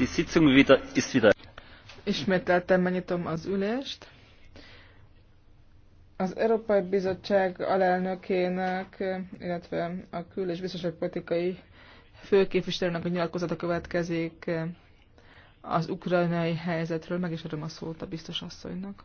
Die Sitzung wieder, ist wieder. Ismételten megnyitom az ülést. Az Európai Bizottság alelnökének, illetve a kül- és biztonságpolitikai főképviselőnek a nyilatkozata következik az ukrajnai helyzetről. Meg is adom a szót a biztos asszonynak.